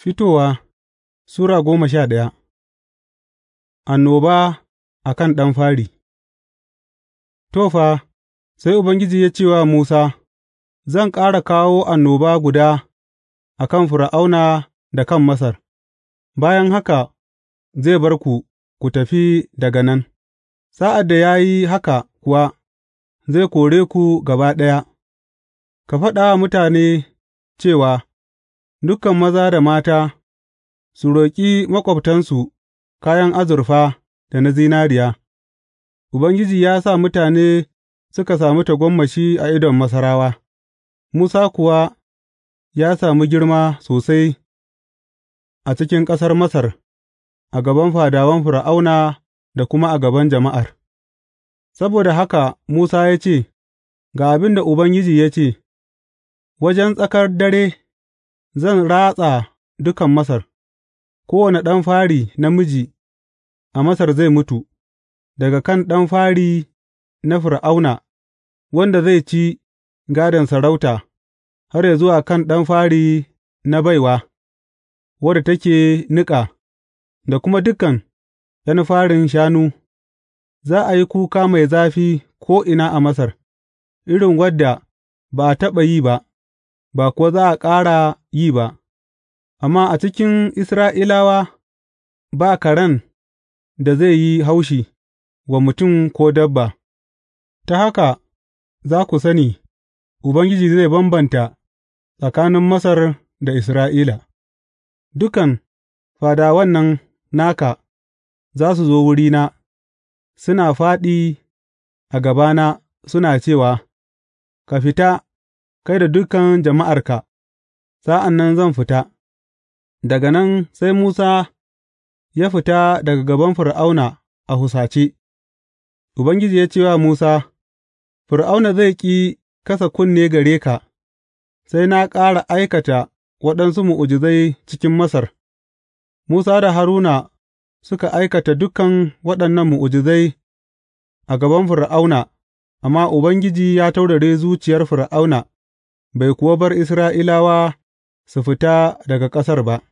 Fitowa Sura goma sha ɗaya. Annoba a kan ɗan fari To, fa, sai Ubangiji ya ce wa Musa, Zan ƙara kawo annoba guda a kan fura'auna da kan Masar, bayan haka zai bar ku, ku tafi daga nan, sa'ad da ya yi haka kuwa, zai kore ku gaba ɗaya, ka faɗa mutane cewa. Dukan maza da mata su roƙi maƙwabtansu kayan azurfa da na zinariya, Ubangiji ya sa mutane suka sami tagomashi a idon Masarawa, Musa kuwa ya sami girma sosai a cikin ƙasar Masar a gaban fadawan Fir'auna da kuma a gaban jama'ar. Saboda haka Musa ya ce, Ga abin da Ubangiji ya ce, Wajen tsakar dare Zan ratsa dukan Masar, kowane ɗan fari namiji a Masar zai mutu, daga kan ɗan fari na Fir'auna, wanda zai ci gadon sarauta, har yă zuwa kan ɗan fari na baiwa, wadda take niƙa, da kuma dukan ’yan farin shanu, za a yi kuka mai zafi ko'ina a Masar, irin wadda ba a taɓa yi ba. ba kuwa za a ƙara yi ba, amma a cikin Isra'ilawa ba karen da zai yi haushi wa mutum ko dabba, ta haka za ku sani, Ubangiji zai bambanta tsakanin Masar da Isra'ila, dukan fadawan nan naka za su zo wurina, suna fāɗi a gabana suna cewa, Ka fita, kai da dukan jama'arka, sa'an nan zan fita. Daga nan sai Musa ya fita daga gaban Fir'auna a husace, Ubangiji ya ce wa Musa, Fir'auna zai ƙi kasa kunne gare ka, sai na ƙara aikata waɗansu mu'ujizai cikin Masar. Musa da Haruna suka aikata dukan waɗannan mu'ujizai a gaban Fir'auna, amma Ubangiji ya taurare zuciyar Fir'auna bai kuwa bar Isra'ilawa su fita daga ƙasar ba.